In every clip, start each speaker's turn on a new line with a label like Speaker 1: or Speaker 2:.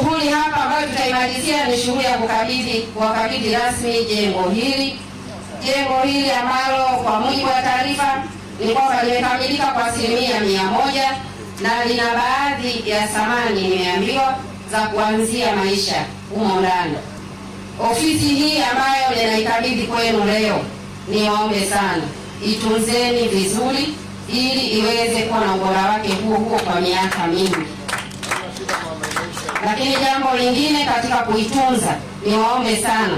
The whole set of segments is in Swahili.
Speaker 1: shughuli hapa ambayo tutaimalizia ni shughuli ya kukabidhi kuwakabidhi rasmi jengo hili, jengo hili ambalo kwa mujibu wa taarifa ni kwamba limekamilika kwa asilimia mia moja na lina baadhi ya samani nimeambiwa za kuanzia maisha humo ndani. Ofisi hii ambayo ninaikabidhi kwenu leo, niwaombe sana itunzeni vizuri, ili iweze kuwa na ubora wake huo huo kwa miaka mingi. Lakini jambo lingine katika kuitunza, niwaombe sana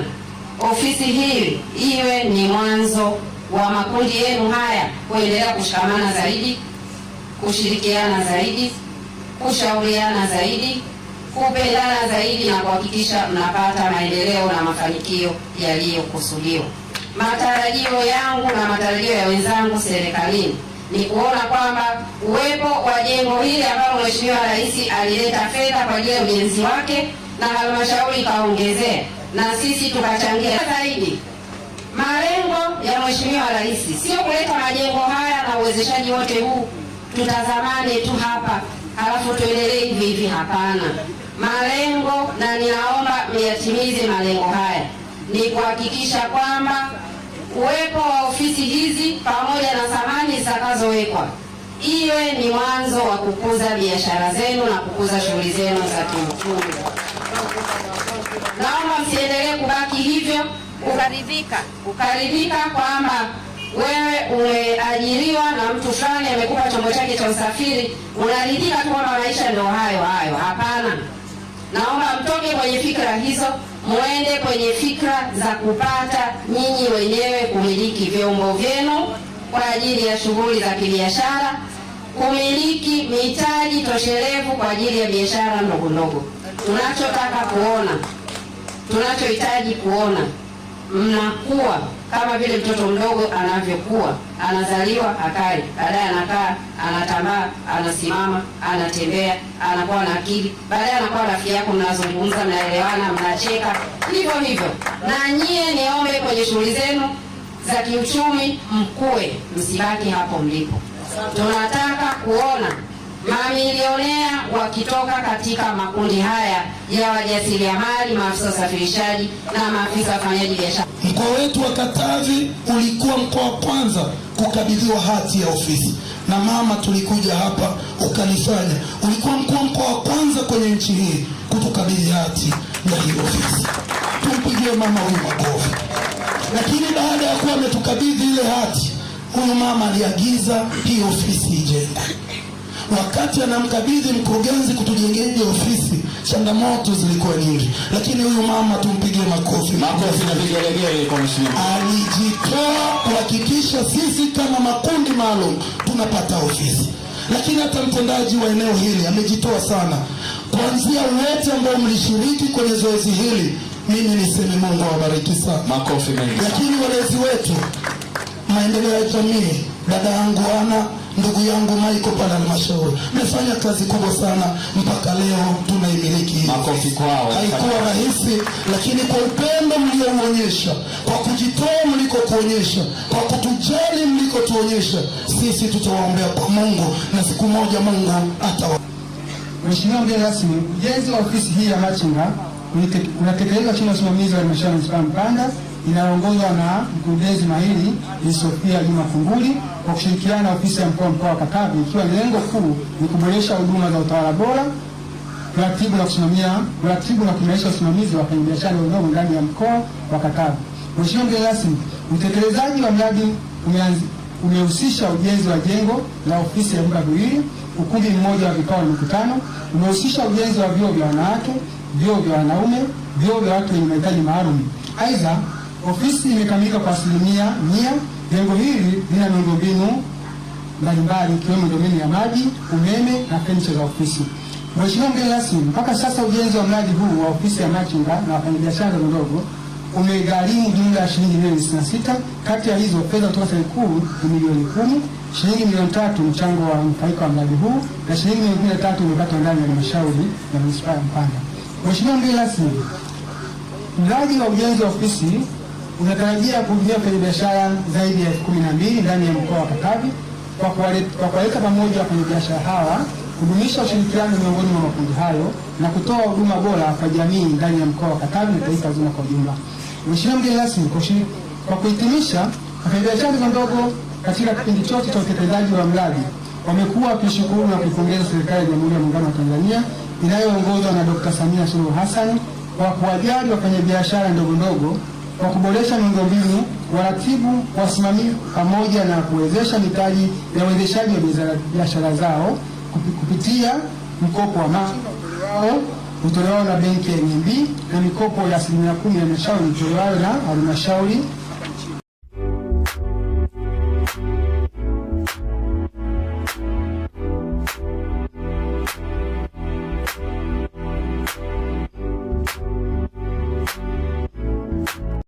Speaker 1: ofisi hii iwe ni mwanzo wa makundi yenu haya kuendelea kushikamana zaidi, kushirikiana zaidi, kushauriana zaidi, kupendana zaidi na kuhakikisha mnapata maendeleo na mafanikio yaliyokusudiwa. Matarajio yangu na matarajio ya wenzangu serikalini ni kuona kwamba uwepo wa jengo hili ambalo Mheshimiwa Rais alileta fedha kwa ajili ya ujenzi wake na halmashauri ikaongezea na sisi tukachangia zaidi. Malengo ya Mheshimiwa Rais sio kuleta majengo haya na uwezeshaji wote huu tutazamane tu hapa halafu tuendelee hivi hivi, hapana. Malengo na ninaomba myatimize malengo haya ni kuhakikisha kwamba Uwepo wa ofisi hizi pamoja na samani zitakazowekwa iwe ni mwanzo wa kukuza biashara zenu na kukuza shughuli zenu za kiuchumi. Naomba msiendelee kubaki hivyo,
Speaker 2: kukaridhika,
Speaker 1: kukaridhika kwamba wewe umeajiriwa na mtu fulani amekupa chombo chake cha usafiri, unaridhika tu kwamba maisha ndio hayo hayo. Hapana, naomba mtoke kwenye fikra hizo muende kwenye fikra za kupata nyinyi wenyewe kumiliki vyombo vyenu kwa ajili ya shughuli za kibiashara, kumiliki mitaji toshelevu kwa ajili ya biashara ndogo ndogo. Tunachotaka kuona, tunachohitaji kuona mnakuwa kama vile mtoto mdogo anavyokuwa, anazaliwa akali, baadaye anakaa, anatambaa, anasimama, anatembea, anakuwa na akili, baadaye anakuwa rafiki yako, mnazungumza, mnaelewana, mnacheka, hivyo hivyo. Na nyie niombe kwenye shughuli zenu za kiuchumi, mkue, msibaki hapo mlipo. Tunataka kuona Mamilionea wakitoka katika makundi haya ya wajasiriamali, maafisa usafirishaji na maafisa wafanyaji biashara.
Speaker 3: Mkoa wetu wa Katavi ulikuwa mkoa wa kwanza kukabidhiwa hati ya ofisi na mama, tulikuja hapa ukanifanya. Ulikuwa mkuu mkoa wa kwanza kwenye nchi hii kutukabidhi hati ya hii ofisi, tumpigie mama huyu makofi. Lakini baada ya kuwa ametukabidhi ile hati, huyu mama aliagiza hii ofisi ijengwe. Wakati anamkabidhi mkurugenzi kutujengea ofisi, changamoto zilikuwa nyingi, lakini huyu mama tumpige makofi,
Speaker 4: makofi na vigelegele
Speaker 3: Alijitoa kuhakikisha sisi kama makundi maalum tunapata ofisi lakini hata mtendaji wa eneo hili amejitoa sana. Kuanzia wote ambao mlishiriki kwenye zoezi hili, mimi niseme Mungu awabariki sana,
Speaker 4: makofi mengi.
Speaker 3: Lakini walezi wetu, maendeleo ya jamii, dada yangu Ana ndugu yangu Maiko pale halmashauri mefanya kazi kubwa sana, mpaka leo tunaimiliki.
Speaker 4: Haikuwa
Speaker 3: rahisi, lakini kwa upendo mliouonyesha, kwa kujitoa mlikokuonyesha, kwa kutujali mlikotuonyesha, sisi tutawaombea kwa Mungu na siku moja Mungu atawa.
Speaker 5: mweshimiwa mgeni rasmi, ujenzi wa ofisi hii ya machinga unatekelezwa chini ya usimamizi wa halmashauri ya Mpanda inayoongozwa na mkurugenzi mahiri Sofia Juma Funguli kwa kushirikiana na ofisi ya mkuu wa mkoa wa Katavi, ikiwa lengo kuu ni kuboresha huduma za utawala bora, kuratibu na kusimamia, kuratibu na kuimarisha usimamizi wa wafanyabiashara wadogo ndani ya mkoa wa Katavi. Mheshimiwa mgeni rasmi, utekelezaji wa mradi umehusisha ujenzi wa jengo la ofisi ya vyumba viwili, ukumbi mmoja wa vikao na mikutano, umehusisha ujenzi wa vyoo vya wanawake, vyoo vya wanaume, vyoo vya watu wenye mahitaji maalum. Aidha, Ofisi imekamilika kwa asilimia mia. Jengo hili lina miundombinu mbalimbali ikiwemo miundombinu ya maji, umeme na fenicha za ofisi. Mheshimiwa mgeni rasmi, mpaka sasa ujenzi wa mradi huu wa ofisi ya machinga na wafanyabiashara ndogo ndogo umegharimu jumla ya shilingi milioni 66. Kati ya hizo fedha kutoka serikali ni milioni kumi, shilingi milioni tatu mchango wa mnufaika wa mradi huu na shilingi milioni 13 imepata ndani ya halmashauri ya manispaa ya Mpanda. Mheshimiwa mgeni rasmi, mradi wa ujenzi wa ofisi unatarajia kuingia kwenye biashara zaidi ya elfu kumi na mbili ndani ya mkoa wa Katavi kwa kuwaleta pamoja wafanyabiashara hawa, kudumisha ushirikiano miongoni mwa makundi hayo na kutoa huduma bora kwa jamii ndani ya mkoa wa Katavi na taifa zima kwa ujumla. Mheshimiwa mgeni rasmi, kwa kuhitimisha, wafanyabiashara ndogo katika kipindi chote cha utekelezaji wa mradi wamekuwa wakishukuru na kuipongeza serikali ya Jamhuri ya Muungano wa Tanzania inayoongozwa na Dr. Samia Suluhu Hassan kwa kuwajali wafanyabiashara ndogo ndogo kwa kuboresha miundombinu, waratibu, wasimamizi pamoja na kuwezesha mitaji ya uwezeshaji wa biashara zao kupitia mkopo wa mao utolewao na benki ya NMB na mikopo ya asilimia kumi ya halmashauri utolewayo na halmashauri